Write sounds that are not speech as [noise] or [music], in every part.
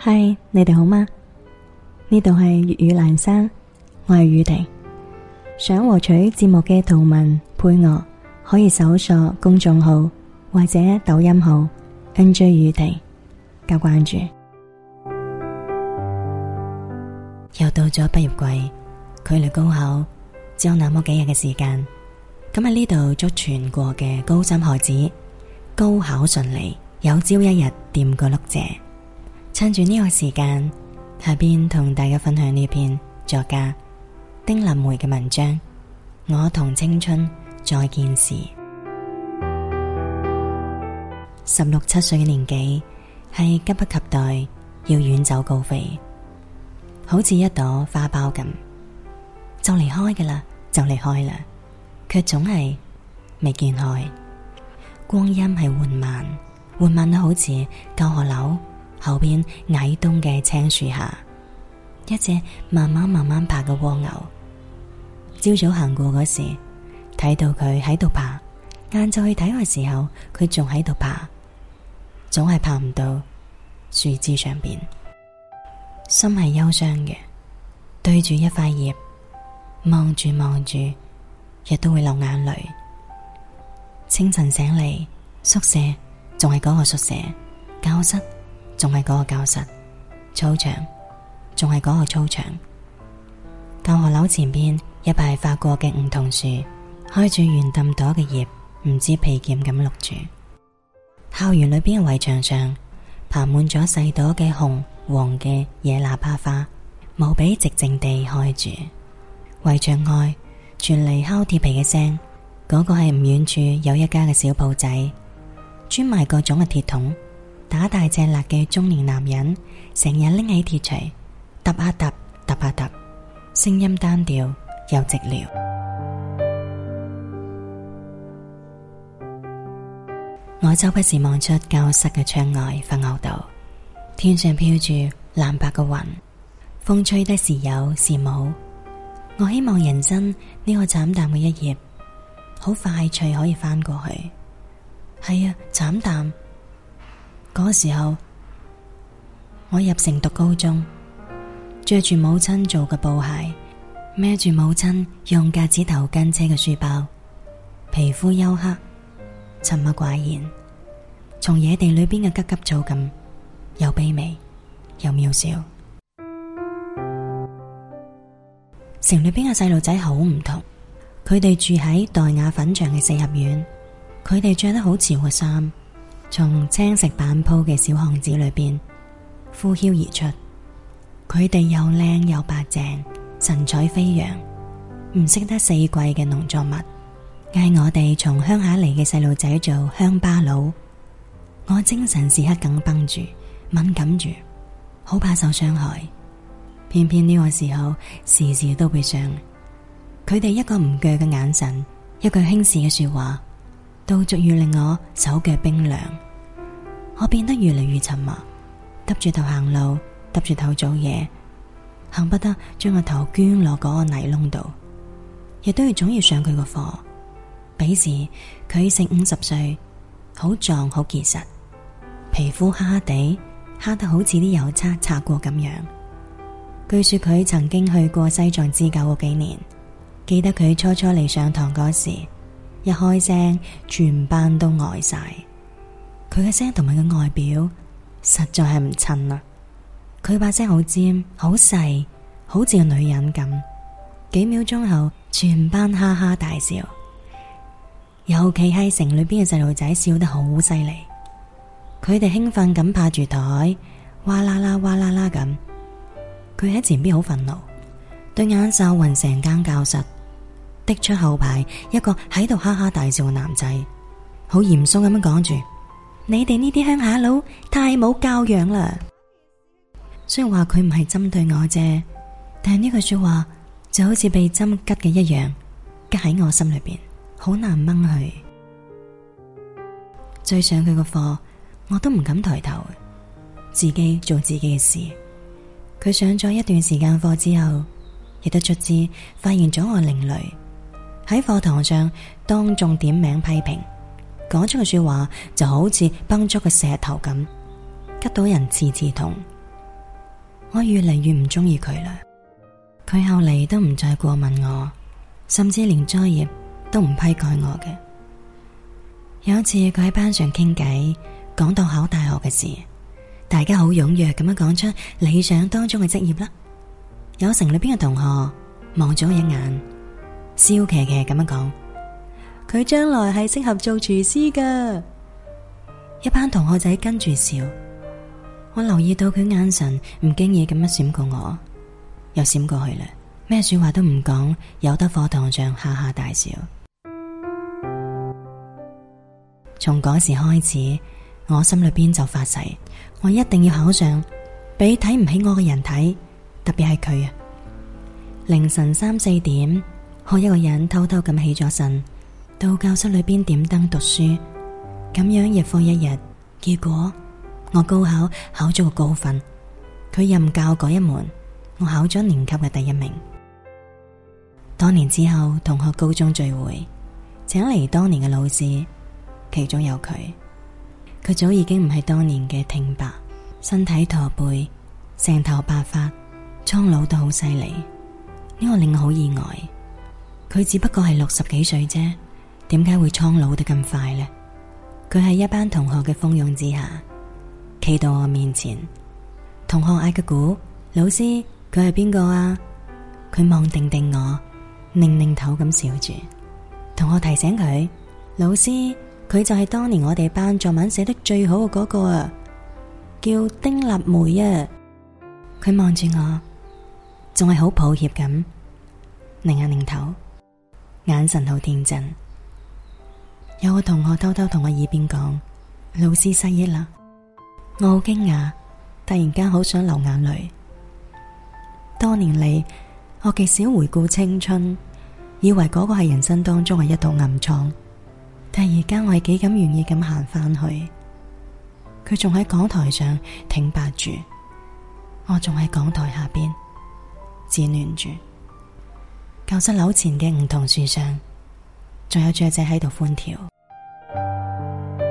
嗨，Hi，你哋好嗎？呢度係粵語蘭生，我係雨婷，想獲取節目嘅圖文配樂，可以搜索公眾號或者抖音號 N J 雨婷，加關注。又到咗畢業季，距離高考只有那麼幾日嘅時間，咁喺呢度祝全國嘅高三學子高考順利，有朝一日掂過碌蔗。趁住呢個時間，下邊同大家分享呢篇作家丁立梅嘅文章《我同青春再見時》。十六七歲嘅年紀，係急不及待要遠走高飛，好似一朵花苞咁，就離開嘅啦，就離開啦，卻總係未見開。光陰係緩慢，緩慢到好似教學樓。後邊矮冬嘅青樹下，一隻慢慢慢慢爬嘅蝸牛。朝早行過嗰時，睇到佢喺度爬；晏晝去睇嘅時候，佢仲喺度爬，總係爬唔到樹枝上邊。心係憂傷嘅，對住一塊葉，望住望住，亦都會流眼淚。清晨醒嚟，宿舍仲係嗰個宿舍，教室。仲係嗰個教室，操場，仲係嗰個操場。教學樓前邊一排法國嘅梧桐樹，開住圓凳朵嘅葉，唔知疲倦咁綠住。校園裏邊嘅圍牆上爬滿咗細朵嘅紅、黃嘅野喇叭花，無比寂靜地開住。圍牆外傳嚟敲鐵皮嘅聲，嗰、那個係唔遠處有一家嘅小鋪仔，專賣各種嘅鐵桶。打大隻辣嘅中年男人，成日拎起鐵錘，揼啊揼，揼啊揼，聲音單調又寂寥。我周 [music] 不時望出教室嘅窗外，發吽哣：天上飄住藍白嘅雲，風吹得時有時冇。我希望人生呢個慘淡嘅一頁，好快脆可以翻過去。係啊，慘淡。嗰時候，我入城讀高中，着住母親做嘅布鞋，孭住母親用格子頭巾車嘅書包，皮膚黝黑，沉默寡言，從野地裏邊嘅急急草咁，又卑微又渺小。 [music] 城裏邊嘅細路仔好唔同，佢哋住喺黛瓦粉牆嘅四合院，佢哋着得好潮嘅衫。從青石板鋪嘅小巷子裏邊呼嘯而出，佢哋又靚又白淨，神采飛揚，唔識得四季嘅農作物，嗌我哋從鄉下嚟嘅細路仔做鄉巴佬。我精神時刻緊繃住，敏感住，好怕受傷害。偏偏呢個時候，時時都會傷，佢哋一個唔鋸嘅眼神，一句輕視嘅說話到足以令我手腳冰涼，我變得越嚟越沉默，耷住頭行路，耷住頭做嘢，恨不得將個頭捐落嗰個泥窿度。亦都係總要上佢個課。彼時佢成五十歲，好壯好結實，皮膚黑黑地，黑得好似啲油擦擦過咁樣。據說佢曾經去過西藏支教嗰幾年。記得佢初初嚟上堂嗰時。一開聲，全班都呆晒。佢嘅聲同埋個外表實在係唔襯啊。佢把聲好尖，好細，好似個女人咁。幾秒鐘後，全班哈哈大笑。尤其係城裏邊嘅細路仔笑得好犀利。佢哋興奮咁拍住台，嘩啦啦，嘩啦啦咁。佢喺前邊好憤怒，對眼掃暈成間教室。的出後排一個喺度哈哈大笑嘅男仔，好嚴肅咁樣講住：你哋呢啲鄉下佬太冇教養啦！雖然話佢唔係針對我啫，但係呢句說話就好似被針吉嘅一樣，吉喺我心裏邊，好難掹去。再上佢個課，我都唔敢抬頭，自己做自己嘅事。佢上咗一段時間課之後，亦都逐漸發現咗我另類。喺課堂上當眾點名批評，講出嘅說話就好似崩咗個石頭咁，吉到人字字痛。我越嚟越唔中意佢啦。佢後嚟都唔再過問我，甚至連作業都唔批改我嘅。有一次佢喺班上傾偈，講到考大學嘅事，大家好踴躍咁樣講出理想當中嘅職業啦。有城裏邊嘅同學望咗我一眼。笑騎騎咁樣講，佢將來係適合做廚師噶。一班同學仔跟住笑，我留意到佢眼神唔經意咁樣閃過我，又閃過去啦。咩說話都唔講，有得課堂上哈哈大笑。從嗰時開始，我心裏邊就發誓，我一定要考上，俾睇唔起我嘅人睇，特別係佢啊。凌晨三四點。我一個人偷偷咁起咗身，到教室裏邊點燈讀書，咁樣日復一日。結果我高考考咗個高分，佢任教嗰一門，我考咗年級嘅第一名。多年之後，同學高中聚會，請嚟當年嘅老師，其中有佢。佢早已經唔係當年嘅挺拔，身體駝背，成頭白髮，蒼老得好犀利。呢個令我好意外。佢只不過係六十幾歲啫，點解會蒼老得咁快呢？佢喺一班同學嘅蜂擁之下，企到我面前。同學嗌佢鼓：「老師，佢係邊個啊？佢望定定我，擰擰頭咁笑住。同學提醒佢，老師，佢就係當年我哋班作文寫得最好嘅嗰個啊，叫丁立梅啊。佢望住我，仲係好抱歉咁擰下擰頭。眼神好天真，有個同學偷偷同我耳邊講：老師失憶啦！我好驚訝，突然間好想流眼淚。多年嚟，我極少回顧青春，以為嗰個係人生當中係一道暗瘡，但而家我係幾咁願意咁行翻去。佢仲喺講台上挺拔住，我仲喺講台下邊自戀住。教室樓前嘅梧桐樹上，仲有雀仔喺度歡跳。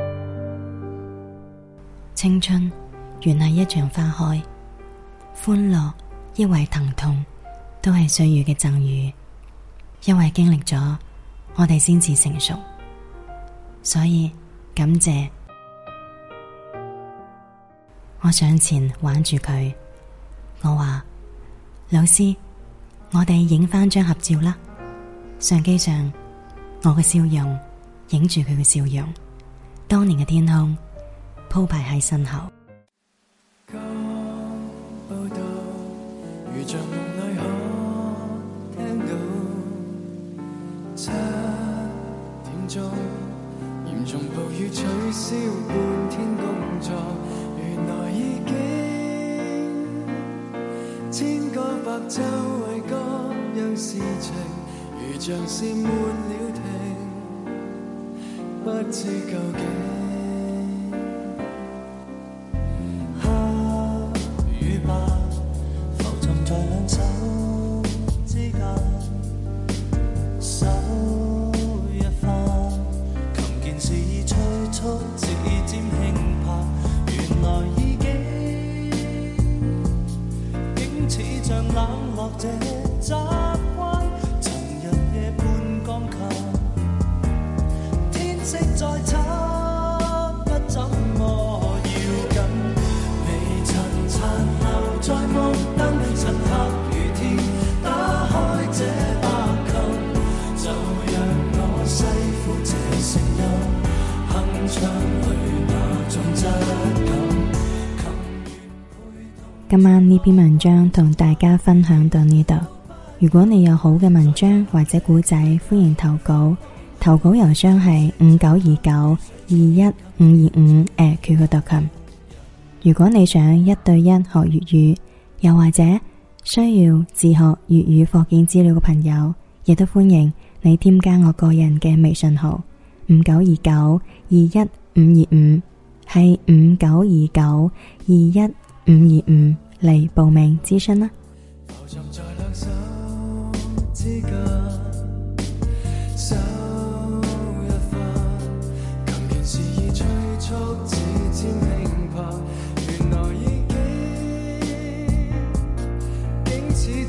[music] 青春原係一場花開，歡樂因為疼痛，都係歲月嘅贈予。因為經歷咗，我哋先至成熟。所以感謝，我上前挽住佢，我話老師。我哋影返張合照啦，相機上我嘅笑容，影住佢嘅笑容，當年嘅天空鋪排喺身後，如像夢裏可聽到。七點鐘，嚴重暴雨取消半天工作，原來已經千個白晝。事情如像是沒了停，不知究竟。今晚呢篇文章同大家分享到呢度。如果你有好嘅文章或者古仔，歡迎投稿。投稿郵箱係五九二九二一五二五 @qq.com。如果你想一對一學粵語，又或者需要自學粵語課件資料嘅朋友，亦都歡迎你添加我個人嘅微信號五九二九二一五二五，係五九二九二一五二五嚟報名諮詢啦。